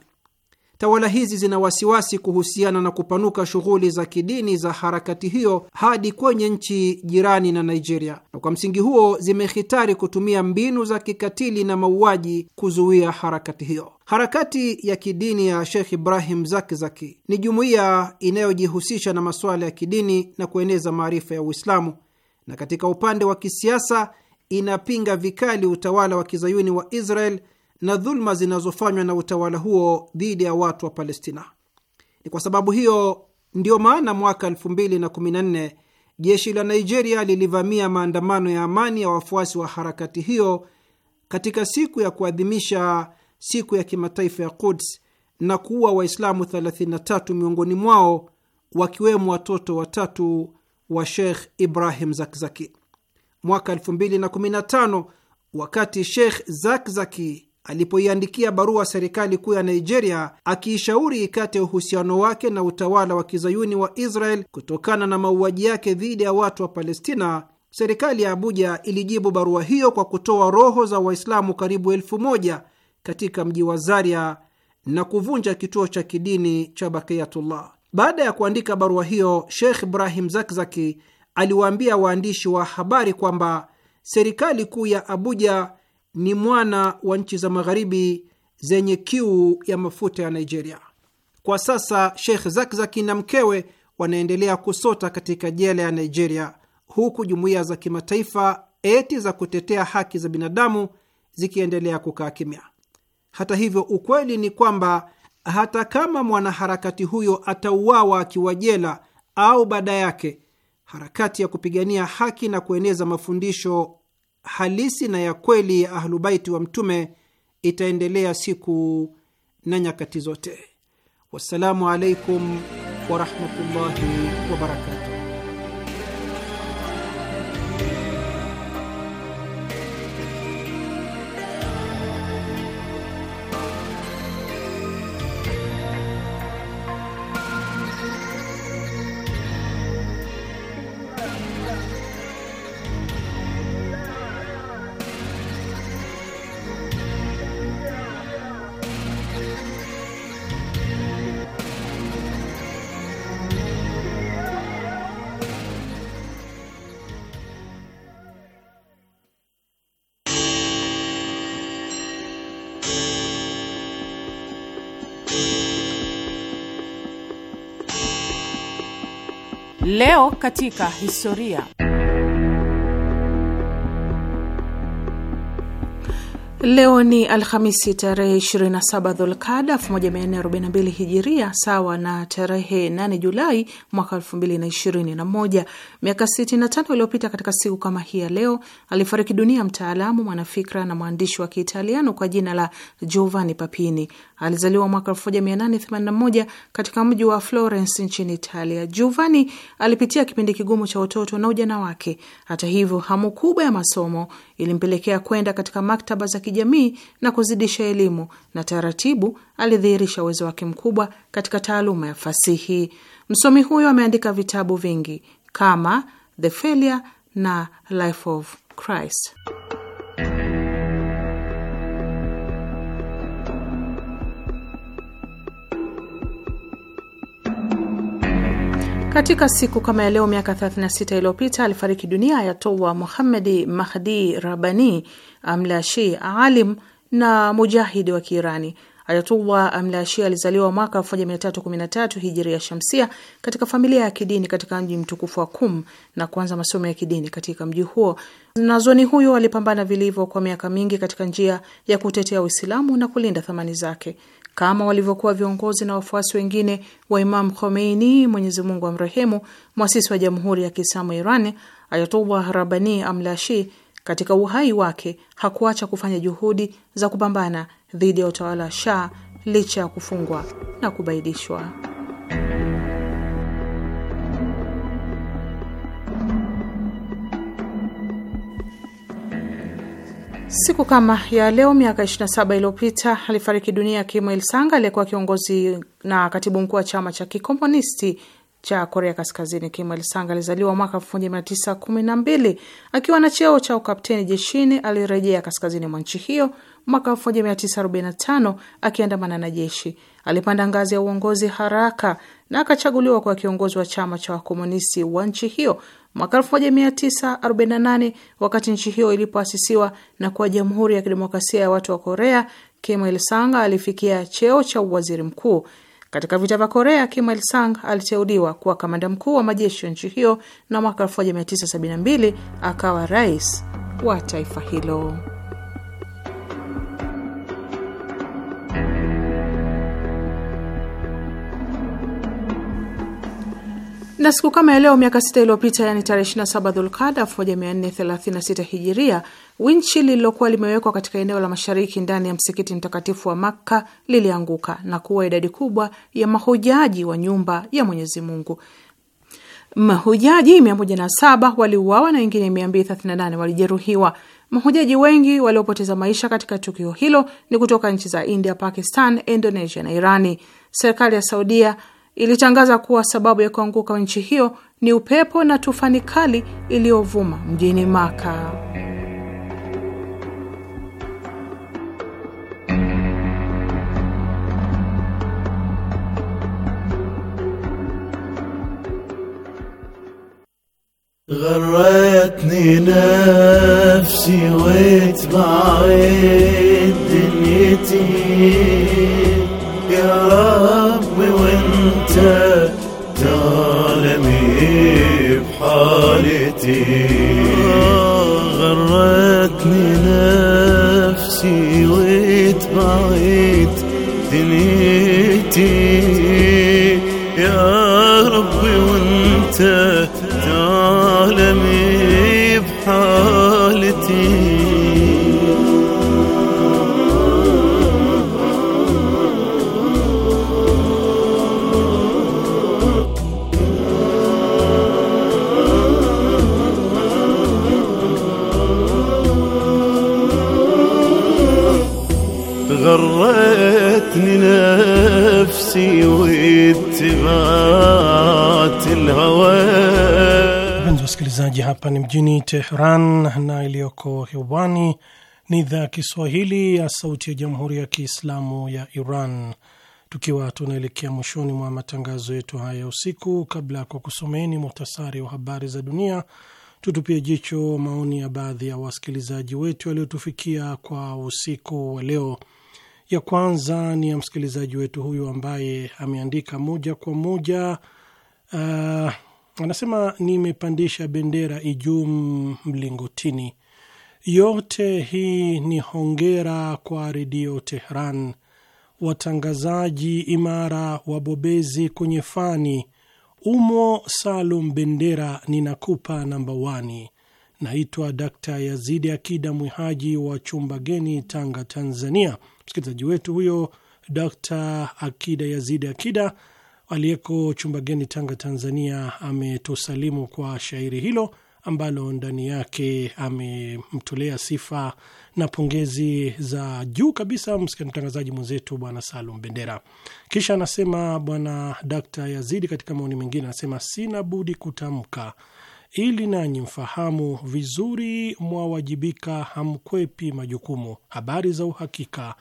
Speaker 5: Tawala hizi zina wasiwasi kuhusiana na kupanuka shughuli za kidini za harakati hiyo hadi kwenye nchi jirani na Nigeria, na kwa msingi huo zimehitari kutumia mbinu za kikatili na mauaji kuzuia harakati hiyo. Harakati ya kidini ya Sheikh Ibrahim Zakzaki ni jumuiya inayojihusisha na masuala ya kidini na kueneza maarifa ya Uislamu, na katika upande wa kisiasa inapinga vikali utawala wa kizayuni wa Israel na dhuluma zinazofanywa na utawala huo dhidi ya watu wa Palestina. Ni kwa sababu hiyo ndiyo maana mwaka 2014 jeshi la Nigeria lilivamia maandamano ya amani ya wafuasi wa harakati hiyo katika siku ya kuadhimisha siku ya kimataifa ya Quds na kuua Waislamu 33 miongoni mwao wakiwemo watoto watatu wa Sheikh Ibrahim Zakzaki. Mwaka 2015 wakati Sheikh Zakzaki alipoiandikia barua serikali kuu ya Nigeria akiishauri ikate uhusiano wake na utawala wa kizayuni wa Israel kutokana na mauaji yake dhidi ya watu wa Palestina. Serikali ya Abuja ilijibu barua hiyo kwa kutoa roho za Waislamu karibu elfu moja katika mji wa Zaria na kuvunja kituo cha kidini cha Bakiyatullah. Baada ya kuandika barua hiyo, Sheikh Ibrahim Zakzaki aliwaambia waandishi wa habari kwamba serikali kuu ya Abuja ni mwana wa nchi za magharibi zenye kiu ya mafuta ya Nigeria. Kwa sasa Sheikh Zakzaki na mkewe wanaendelea kusota katika jela ya Nigeria, huku jumuiya za kimataifa eti za kutetea haki za binadamu zikiendelea kukaa kimya. Hata hivyo, ukweli ni kwamba hata kama mwanaharakati huyo atauawa akiwa jela au baada yake, harakati ya kupigania haki na kueneza mafundisho halisi na ya kweli ya Ahlubaiti wa Mtume itaendelea siku na nyakati zote. Wassalamu alaikum warahmatullahi wabarakatu.
Speaker 3: Leo katika historia. Leo ni Alhamisi tarehe 27 Dhulkada 1442 Hijiria, sawa na tarehe 8 Julai mwaka 2021. Miaka 65 iliyopita katika siku kama hii ya leo alifariki dunia mtaalamu, mwanafikra na mwandishi wa Kiitaliano kwa jina la Giovanni Papini. Alizaliwa mwaka 1881 katika mji wa Florence nchini Italia. Giovanni alipitia kipindi kigumu cha utoto na ujana wake. Hata hivyo, hamu kubwa ya masomo ilimpelekea kwenda katika maktaba za kijamii na kuzidisha elimu, na taratibu alidhihirisha uwezo wake mkubwa katika taaluma ya fasihi. Msomi huyo ameandika vitabu vingi kama The Failure na Life of Christ. Katika siku kama ya leo miaka 36 iliyopita alifariki dunia Ayatollah Muhammadi Mahdi Rabani Amlashi, alim na mujahidi wa Kiirani. Ayatullah Amlashi alizaliwa mwaka 1313 hijiri ya shamsia katika familia ya kidini katika mji mtukufu wa Kum na kuanza masomo ya kidini katika mji huo. Nazoni huyo alipambana vilivyo kwa miaka mingi katika njia ya kutetea Uislamu na kulinda thamani zake kama walivyokuwa viongozi na wafuasi wengine wa Imam Khomeini, Mwenyezi Mungu amrehemu, mwasisi wa Jamhuri ya Kiislamu Iran, Ayatullah Rabani Amlashi katika uhai wake hakuacha kufanya juhudi za kupambana dhidi ya utawala wa Shah licha ya kufungwa na kubaidishwa. Siku kama ya leo miaka 27 iliyopita alifariki dunia Kim Il Sung, aliyekuwa kiongozi na katibu mkuu wa chama cha kikomunisti cha Korea Kaskazini. Kim Il Sung alizaliwa mwaka 1912. Akiwa na cheo cha ukapteni jeshini, alirejea kaskazini mwa nchi hiyo mwaka 1945 akiandamana na jeshi. Alipanda ngazi ya uongozi haraka na akachaguliwa kuwa kiongozi wa chama cha wakomunisti wa nchi hiyo mwaka 1948 wakati nchi hiyo ilipoasisiwa na kuwa Jamhuri ya Kidemokrasia ya Watu wa Korea, Kim Il Sung alifikia cheo cha uwaziri mkuu. Katika vita vya Korea, Kim Il Sung aliteuliwa kuwa kamanda mkuu wa majeshi ya nchi hiyo na mwaka 1972 akawa rais wa taifa hilo. Na siku kama ya leo miaka sita iliyopita, yani tarehe 27 Dhulkada 1436 Hijiria, winchi lililokuwa limewekwa katika eneo la mashariki ndani ya msikiti mtakatifu wa Makka lilianguka na kuwa idadi kubwa ya mahujaji wa nyumba ya Mwenyezi Mungu. Mahujaji 107 waliuawa na wengine 238 walijeruhiwa. Mahujaji wengi waliopoteza maisha katika tukio hilo ni kutoka nchi za India, Pakistan, Indonesia na Irani. Serikali ya Saudia ilitangaza kuwa sababu ya kuanguka nchi hiyo ni upepo na tufani kali iliyovuma mjini Maka.
Speaker 1: انت تعلمي بحالتي غرتني نفسي واتبعت دنيتي يا ربي وانت نفسي واتباعة الهوى
Speaker 2: Wapenzi wasikilizaji, hapa ni mjini Teheran na iliyoko hewani ni idhaa ya Kiswahili ya Sauti ya Jamhuri ya Kiislamu ya Iran, tukiwa tunaelekea mwishoni mwa matangazo yetu haya ya usiku. Kabla ya kukusomeni muhtasari wa habari za dunia, tutupie jicho maoni ya baadhi ya wasikilizaji wetu waliotufikia kwa usiku wa leo. Ya kwanza ni ya msikilizaji wetu huyu ambaye ameandika moja kwa moja uh, anasema nimepandisha bendera Ijum mlingotini. Yote hii ni hongera kwa Redio Tehran, watangazaji imara, wabobezi kwenye fani umo. Salum Bendera, ninakupa namba wani. Naitwa Dakta Yazidi Akida Mwihaji wa chumba geni Tanga, Tanzania. Msikilizaji wetu huyo Dr Akida Yazidi Akida aliyeko geni Tanga, Tanzania, ametusalimu kwa shairi hilo ambalo ndani yake amemtolea sifa na pongezi za juu kabisa mtangazaji mwenzetu Bwana Salum Bendera. Kisha anasema Bwana Dakta Yazidi katika maoni mengine anasema, sina budi kutamka ili nanyi mfahamu vizuri, mwawajibika, hamkwepi majukumu, habari za uhakika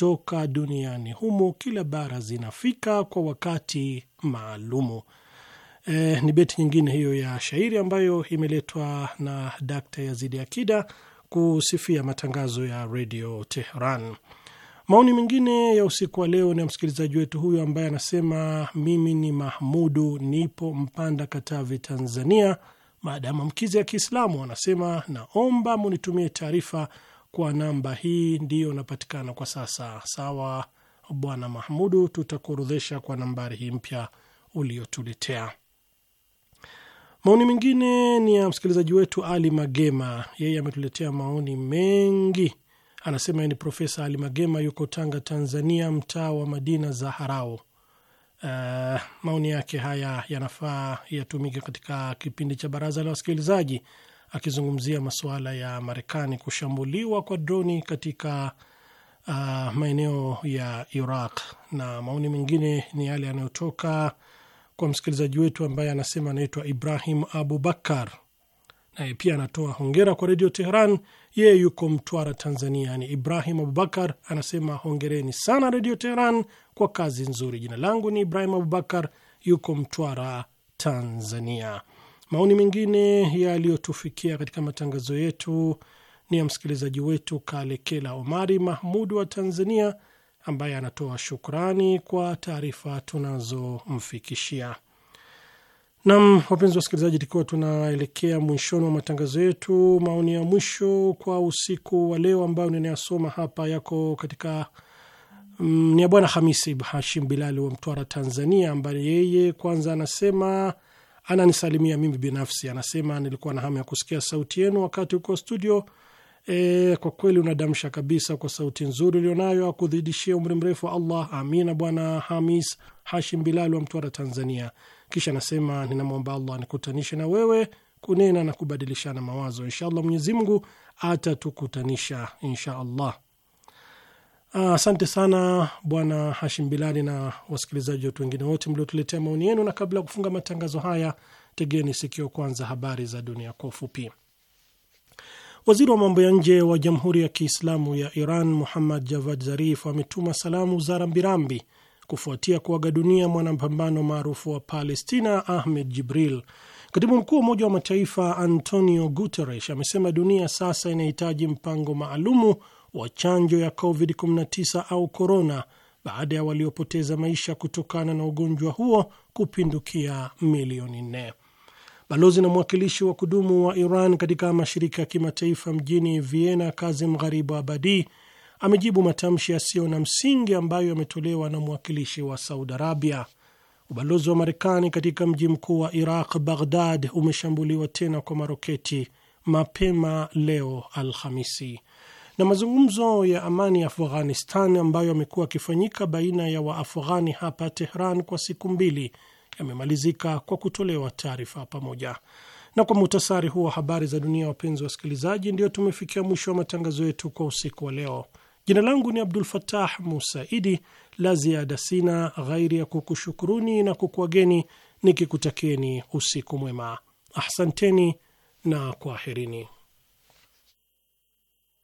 Speaker 2: kutoka duniani humo, kila bara zinafika kwa wakati maalumu. E, ni beti nyingine hiyo ya shairi ambayo imeletwa na Dakta Yazidi Akida kusifia matangazo ya redio Teheran. Maoni mengine ya usiku wa leo ni ya msikilizaji wetu huyu ambaye anasema, mimi ni Mahmudu, nipo Mpanda, Katavi, Tanzania. Maadamu mkizi ya Kiislamu anasema, naomba munitumie taarifa kwa namba hii ndiyo inapatikana kwa sasa. Sawa Bwana Mahmudu, tutakuorodhesha kwa nambari hii mpya uliotuletea. Maoni mengine ni ya msikilizaji wetu Ali Magema, yeye ametuletea maoni mengi. Anasema ni Profesa Ali Magema, yuko Tanga, Tanzania, mtaa wa Madina Zaharau. Uh, maoni yake haya yanafaa yatumike katika kipindi cha baraza la wasikilizaji, akizungumzia masuala ya Marekani kushambuliwa kwa droni katika uh, maeneo ya Iraq. Na maoni mengine ni yale yanayotoka kwa msikilizaji wetu ambaye anasema anaitwa Ibrahim Abubakar, naye pia anatoa hongera kwa Redio Teheran. Yeye yuko Mtwara, Tanzania. Ni Ibrahim Abubakar anasema hongereni sana Redio Teheran kwa kazi nzuri. Jina langu ni Ibrahim Abubakar, yuko Mtwara, Tanzania. Maoni mengine yaliyotufikia katika matangazo yetu ni ya msikilizaji wetu Kalekela Omari Mahmud wa Tanzania, ambaye anatoa shukrani kwa taarifa tunazomfikishia. Nam, wapenzi wa wasikilizaji, tukiwa tunaelekea mwishoni wa matangazo yetu, maoni ya mwisho kwa usiku wa leo ambayo ninayasoma hapa yako katika mm, ni ya Bwana Hamisi Hashim Bilali wa Mtwara, Tanzania, ambaye yeye kwanza anasema ananisalimia mimi binafsi, anasema nilikuwa na hamu ya kusikia sauti yenu wakati uko studio. E, kwa kweli unadamsha kabisa kwa sauti nzuri ulionayo, akudhidishia umri mrefu Allah. Amina. Bwana Hamis Hashim Bilal wa Mtwara, Tanzania. Kisha anasema ninamwomba Allah nikutanishe na wewe kunena na kubadilishana mawazo. Insha Allah, Mwenyezi Mungu atatukutanisha insha Allah. Ah, asante uh, sana bwana Hashim Bilali na wasikilizaji wetu wengine wote mliotuletea maoni yenu, na kabla ya kufunga matangazo haya, tegeni sikio kwanza habari za dunia kwa ufupi. Waziri wa mambo ya nje wa Jamhuri ya Kiislamu ya Iran Muhammad Javad Zarif ametuma salamu za rambirambi kufuatia kuaga dunia mwanapambano maarufu wa Palestina Ahmed Jibril. Katibu mkuu wa Umoja wa Mataifa Antonio Guterres amesema dunia sasa inahitaji mpango maalumu wa chanjo ya COVID-19 au korona baada ya waliopoteza maisha kutokana na ugonjwa huo kupindukia milioni nne. Balozi na mwakilishi wa kudumu wa Iran katika mashirika ya kimataifa mjini Vienna, Kazim Gharibu Abadi, amejibu matamshi yasiyo na msingi ambayo yametolewa na mwakilishi wa Saudi Arabia. Ubalozi wa Marekani katika mji mkuu wa Iraq, Baghdad, umeshambuliwa tena kwa maroketi mapema leo Alhamisi na mazungumzo ya amani ya Afghanistan ambayo yamekuwa yakifanyika baina ya Waafghani hapa Tehran kwa siku mbili yamemalizika kwa kutolewa taarifa pamoja. Na kwa muhtasari huo wa habari za dunia, wapenzi wa wasikilizaji, ndio tumefikia mwisho wa matangazo yetu kwa usiku wa leo. Jina langu ni Abdul Fatah Musaidi. La ziada sina ghairi ya kukushukuruni na kukuageni nikikutakieni usiku mwema. Ahsanteni na kwaherini.